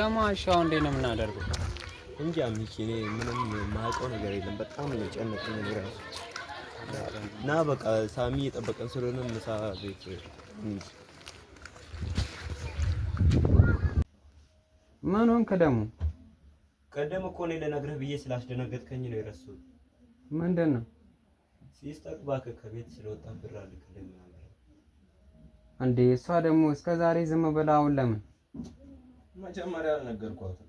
ስማ፣ እንዴ ነው የምናደርገው? እንጃ ሚኪ፣ እኔ ምንም የማውቀው ነገር የለም። በጣም ነው የጨነቀኝ ነው። ና በቃ ሳሚ የጠበቀን ስለሆነ ምሳ ቤት ምን ሆንክ ደግሞ? ቀደም እኮ እኔ ልነግርህ ብዬ ስላስደነገጥከኝ ነው የረሱት። ምንድን ነው ሲስተር? እባክህ ከቤት ስለወጣ ብር አልክልህም። እንዴ እሷ ደግሞ እስከ ዛሬ ዝም ብላ አሁን ለምን መጀመሪያ አልነገርኳትም።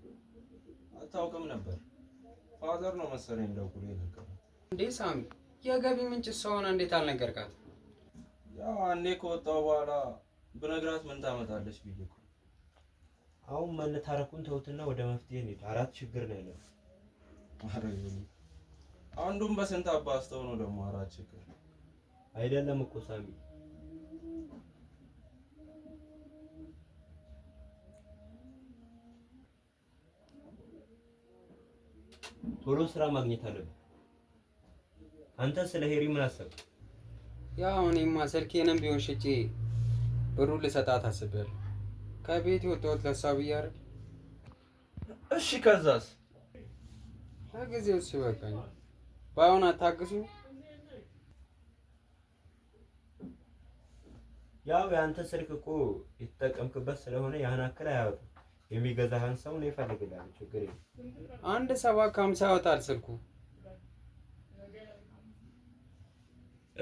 አታውቅም ነበር። ፋዘር ነው መሰለኝ ደውሎ የነገራት። እንዴ ሳሚ፣ የገቢ ምንጭ ሰሆነ እንዴት አልነገርካት? ያው አንዴ ከወጣሁ በኋላ ብነግራት ምን ታመጣለች ብዬ እኮ። አሁን መነታረኩን ተውትና ወደ መፍትሄ እንሂድ። አራት ችግር ነው ያለው። አንዱም በስንት አባስተው ነው ደግሞ አራት ችግር አይደለም እኮ ሳሚ ቶሎ ስራ ማግኘት አለብህ። አንተ ስለ ሄሪ ምን አሰብ? ያው እኔማ ስልኬንም ቢሆን ሽጬ ብሩ ልሰጣት አስቤያለሁ። ከቤት የወጣሁት ለእሷ ብዬሽ አይደል? እሺ ከዛስ? ለጊዜው እሱ በቃኝ። ባይሆን አታግዙ። ያው የአንተ ስልክ እኮ የተጠቀምክበት ስለሆነ ያህን አክል አያወጣም። የሚገዛህን ሰው ነው ይፈልግልሃል። ችግር የለም። አንድ ሰባ ከሀምሳ ያወጣል ስልኩ።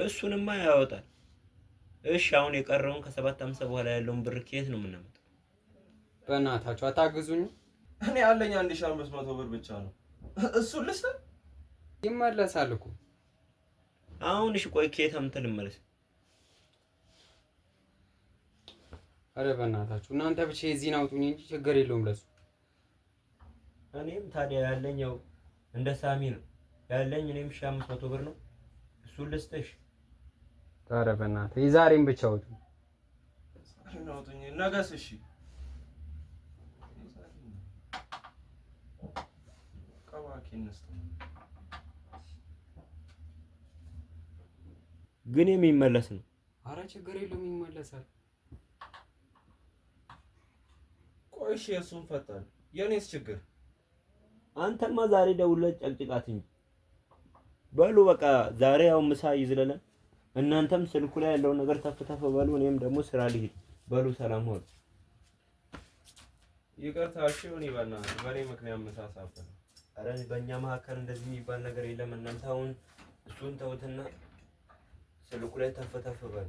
እሱንማ ያወጣል። እሺ አሁን የቀረውን ከሰባት ሀምሳ በኋላ ያለውን ብር ከየት ነው የምናመጣው? በእናታችሁ አታግዙኝ። እኔ ያለኝ አንድ ሺህ አምስት መቶ ብር ብቻ ነው። እሱን ልስጥ። ይመለሳል እኮ አሁን። እሺ ቆይ ከየት አምጥተህ ልመለስ አረ በእናታችሁ እናንተ ብቻ የዚህን አውጡኝ እንጂ ችግር የለውም ለሱ። እኔም ታዲያ ያለኝ ያው እንደ ሳሚ ነው ያለኝ። እኔም ሺህ አምስት መቶ ብር ነው እሱን ልስጥሽ። አረ በእናትህ የዛሬም ብቻ አውጡኝ። ነገስ? እሺ ግን የሚመለስ ነው። አረ ችግር የለውም ይመለሳል። ቆይ እሺ፣ እሱን ፈታን። የኔስ ችግር አንተማ ዛሬ ደውለህ ጨቅጭቃት እንጂ በሉ በቃ ዛሬ ያው ምሳ ይዝለለን። እናንተም ስልኩ ላይ ያለውን ነገር ተፍ በሉ። እኔም ደግሞ ስራ ልሂድ። በሉ ሰላም ሆኖ ይቅርታ። እሺ ሆኒ በና በኔ ምክንያት ምሳ ሳፈ። አረ በእኛ መካከል እንደዚህ የሚባል ነገር የለም። እናንተ አሁን እሱን ተውትና ስልኩ ላይ ተፍ በሉ።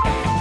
Thank you.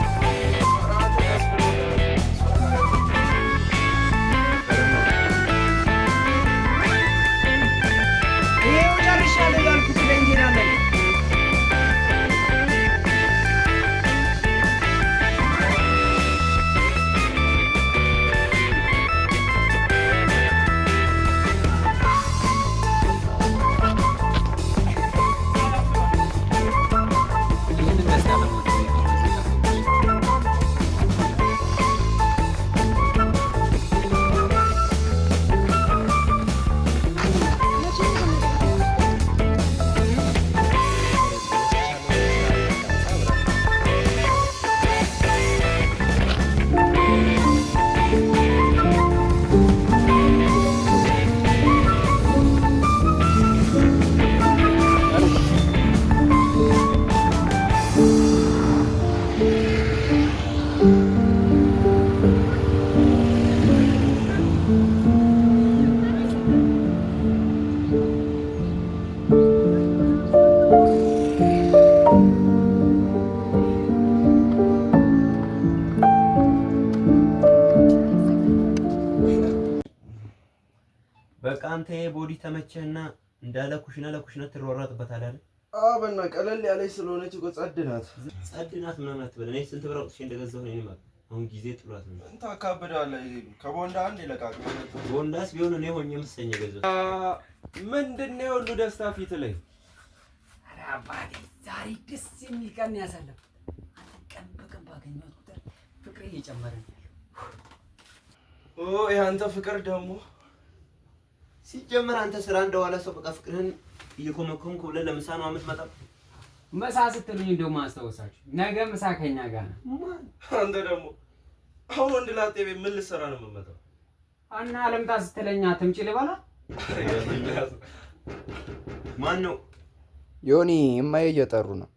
አንተ ቦዲ ተመቸህና እንዳለ ኩሽና ለኩሽና ትሯሯጥበታለህ አይደል? አዎ በእና ቀለል ያለች ስለሆነች እኮ ጸድ ናት ጸድ ናት ምናምን አትበል። እኔ ስንት ብር አውጥቼ እንደገዛሁ ነው ማለት አሁን ጊዜ ጥሏት ነው። እንት ካበዳለ ከቦንዳ አንድ ይለቃቅ ቦንዳስ ቢሆን እኔ ሆኜ ምሰኝ ገዛሁ። ምንድን ነው ሁሉ ደስታ ፊት ላይ አባቴ ዛሬ ደስ የሚል ቀን ያሳለፍኩት አንተ ቀን በቀን ባገኘሁት ቁጥር ፍቅሬ እየጨመረ ነው ያለው። ኦ ያንተ ፍቅር ደግሞ ሲጀመር አንተ ስራ እንደዋለ ሰው በቃ ፍቅርህን እየኮመኮምኩ ብለህ ለምሳ ነው የምትመጣው። ምሳ ስትሉኝ እንደው ማስታወሳችሁ ነገ ምሳ ከኛ ጋር ነው። አንተ ደግሞ አሁን ወንድ ላጤ ቤት ምን ልትሰራ ነው የምትመጣው? እና አለምታ ስትለኝ አትምጪ ልበላ። ማን ነው? ዮኒ እማዬ እየጠሩ ነው።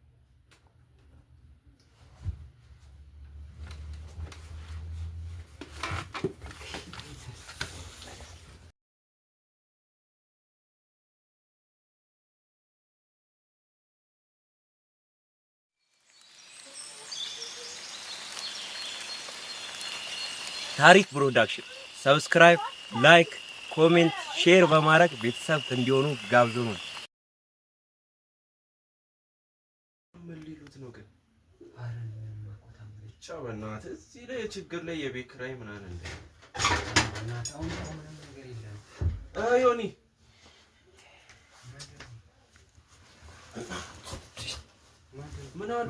ታሪክ ፕሮዳክሽን ሰብስክራይብ፣ ላይክ፣ ኮሜንት፣ ሼር በማድረግ ቤተሰብ እንዲሆኑ ጋብዙ። ምን ሊሉት ነው ግን? አረ እዚህ ላይ ችግር ላይ የቤት ኪራይ ምናምን እንደ ዮኒ ምን አሉ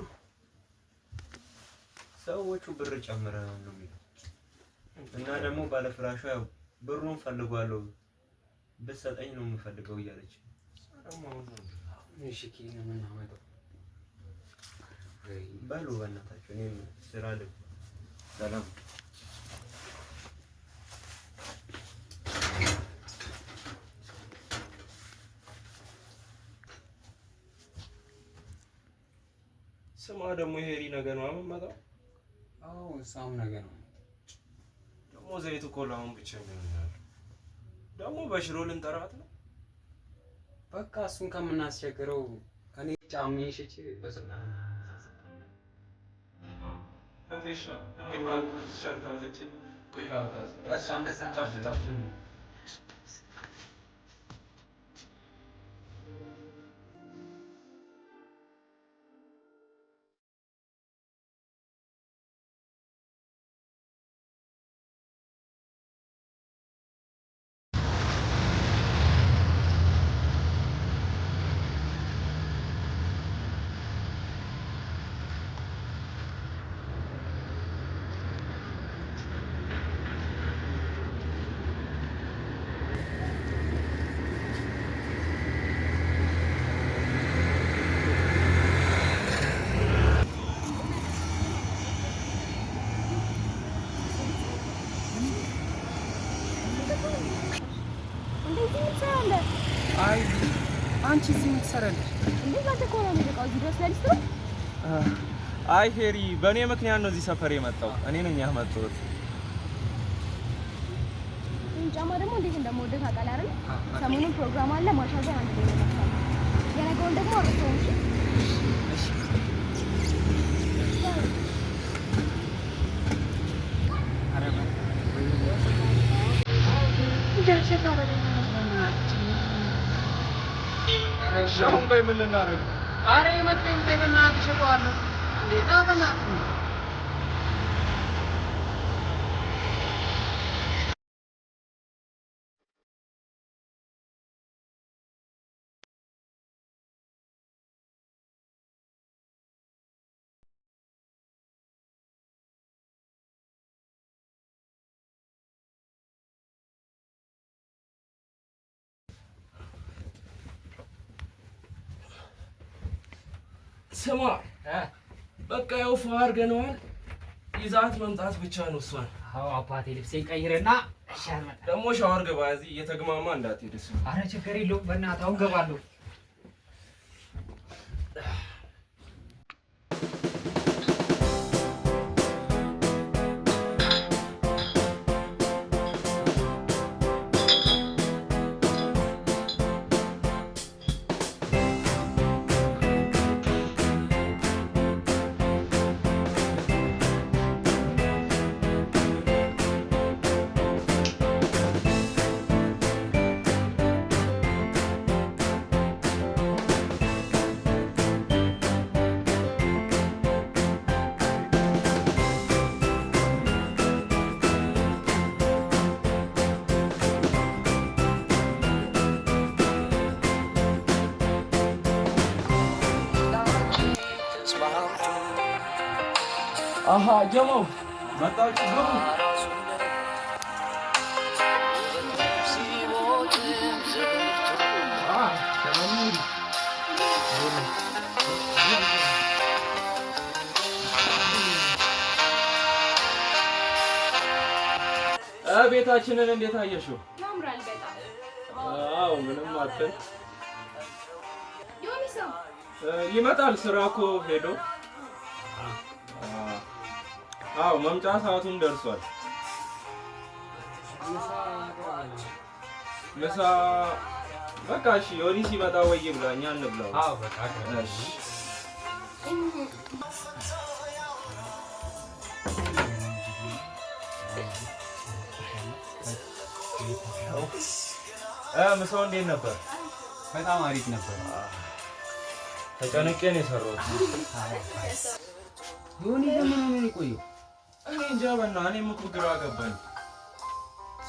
ሰዎቹ ብር ጨምረ ነው የሚለው እና ደግሞ ባለፍራሿ ያው ብሩን ፈልጓለሁ ብትሰጠኝ ነው የምፈልገው እያለች በሉ በእናታችሁ እኔም ስራ ልብ ሰላም ስማ ደግሞ ይሄ ነገ ነው የምመጣው። አዎ እሷም ነገ ነው ዘይት እኮ ለአሁን ብቻ የሚሆን ደግሞ በሽሮ ልንጠራት ነው። በቃ እሱን ከምናስቸግረው ከኔ ጫሜ ሽጭ በስና ሻ አይ አንቺ እንዴት ነው አይ ሄሪ፣ በእኔ ምክንያት ነው እዚህ ሰፈር የመጣው። እኔ ነኝ ያመጣሁት። ጫማ ደግሞ እንዴት እንደምወደው ታውቃለህ አይደል? ሰሞኑን ፕሮግራም አለ አንድ ነው። የነገውን ደግሞ እሺ ቆይ ምን ልናደርግ? ኧረ የመጣኝ ጤና ትሸጠዋለህ እንዴ? ስማ በቃ ያው ፏ አድርገነዋል። ይዛት መምጣት ብቻ ነው እሷን። አዎ አባቴ ልብሴን ቀይርና ደግሞ ሻወር ገባ። እዚህ እየተግማማ እንዳትሄድ እሱ። ኧረ ችግር የለውም በእናትህ አሁን ገባለሁ። ጀመው መጣችሁ ግቡ። ቤታችንን እንዴት አየሽው? አዎ ምንም አትል ይመጣል ስራ እኮ ሄዶ አዎ መምጫ ሰዓቱን ደርሷል። ምሳ በቃ እሺ፣ ወዲህ ሲመጣ ወይ ብላ እኛ እንብላው። አዎ በቃ እሺ። ምሳው እንዴት ነበር? በጣም አሪፍ ነበር። ተጨንቄ ነው የሰራሁት። ዮኒ ለምን ነው የቆየው? እኔ እንጃ በእናትህ፣ እኔም እኮ ግራ ገባኝ።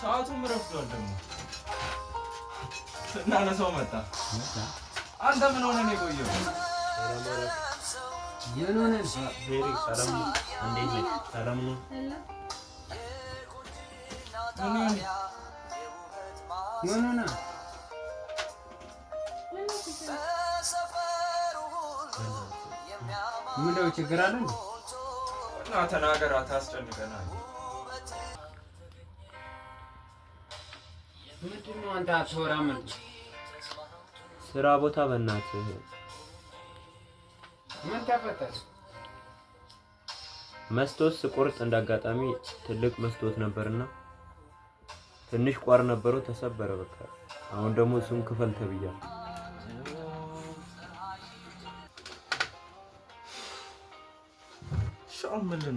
ሰዓቱም ረፍዷል ደግሞ እና ለሰው መጣ። አንተ ምን ሆነህ ነው የቆየው? ምነው ችግር አለ? ና ተናገራ፣ ታስጨንቀናል። ምንድን ነው አንተ አትወራ? ምን ስራ ቦታ በእናትህ ምን ተፈጠረ? ስቆርጥ እንዳጋጣሚ ትልቅ መስቶት ነበርና ትንሽ ቋር ነበረው፣ ተሰበረ። በቃ አሁን ደግሞ እሱን ክፈል ተብያለሁ። 俺们。